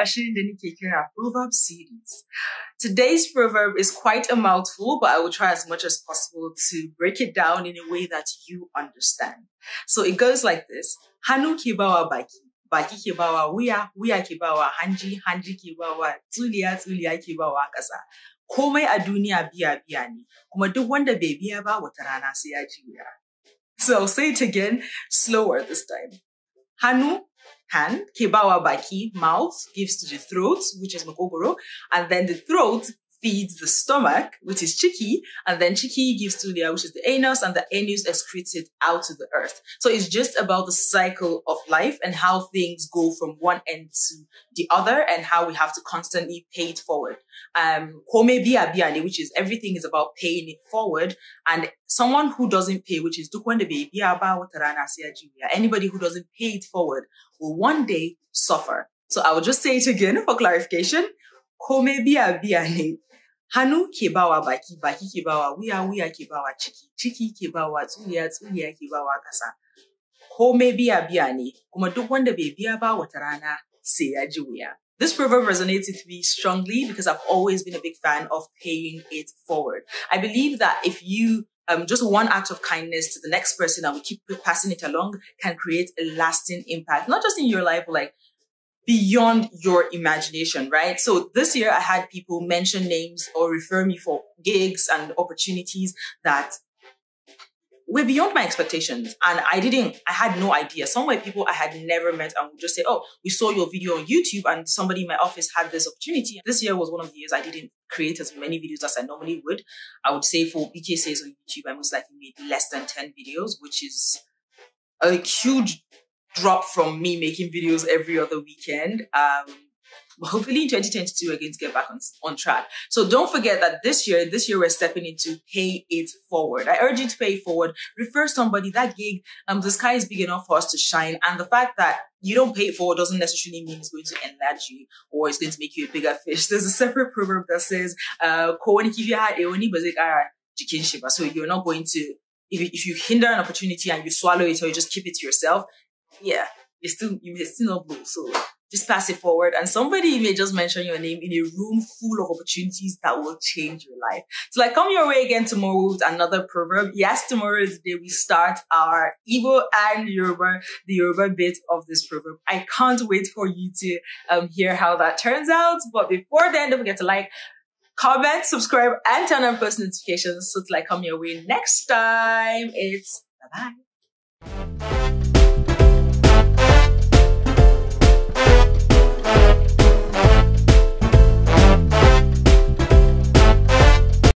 Ashindani proverb series. Today's proverb is quite a mouthful, but I will try as much as possible to break it down in a way that you understand. So it goes like this. Hanu kibawa baki. Baki kibawa wia, wia kibawa hanji, hanji kibawa tuliya, tuliya kibawa kasa. Komai a duniya biya biya ne, kuma duk wanda bai biya ba wata rana sai ya ji wuya. So I'll say it again, slower this time. Hanu hand, kibawa baki, mouth, gives to the throat, which is makogoro, and then the throat feeds the stomach, which is cheeky, and then cheeky gives to the which is the anus, and the anus excretes it out to the earth. So it's just about the cycle of life and how things go from one end to the other, and how we have to constantly pay it forward. Um, which is everything is about paying it forward, and someone who doesn't pay, which is anybody who doesn't pay it forward, will one day suffer. So I will just say it again for clarification komai biya biya ne hannu ke bawa baki baki ke bawa wuya wuya ke bawa ciki ciki ke bawa tsuriya tsuriya ke bawa ƙasa komai biya biya ne kuma duk wanda bai biya ba wata rana sai ya ji wuya This proverb resonates with me strongly because I've always been a big fan of paying it forward. I believe that if you um, just one act of kindness to the next person and we keep passing it along can create a lasting impact, not just in your life, but like beyond your imagination, right? So this year I had people mention names or refer me for gigs and opportunities that were beyond my expectations. And I didn't, I had no idea. Some were people I had never met and would just say, Oh, we saw your video on YouTube and somebody in my office had this opportunity. This year was one of the years I didn't create as many videos as I normally would. I would say for BKCs on YouTube, I most likely made less than 10 videos, which is a huge drop from me making videos every other weekend. Um, hopefully in 2022 we're going to get back on, on track so don't forget that this year this year we're stepping into pay it forward i urge you to pay it forward refer somebody that gig um the sky is big enough for us to shine and the fact that you don't pay it forward doesn't necessarily mean it's going to enlarge you or it's going to make you a bigger fish there's a separate proverb that says uh so you're not going to if, if you hinder an opportunity and you swallow it or you just keep it to yourself yeah, you still you may still not know. So just pass it forward. And somebody may just mention your name in a room full of opportunities that will change your life. So like come your way again tomorrow with another proverb. Yes, tomorrow is the day we start our Igbo and Yoruba, the Yoruba bit of this proverb. I can't wait for you to um, hear how that turns out. But before then, don't forget to like, comment, subscribe, and turn on post notifications so that I come your way next time. It's bye-bye.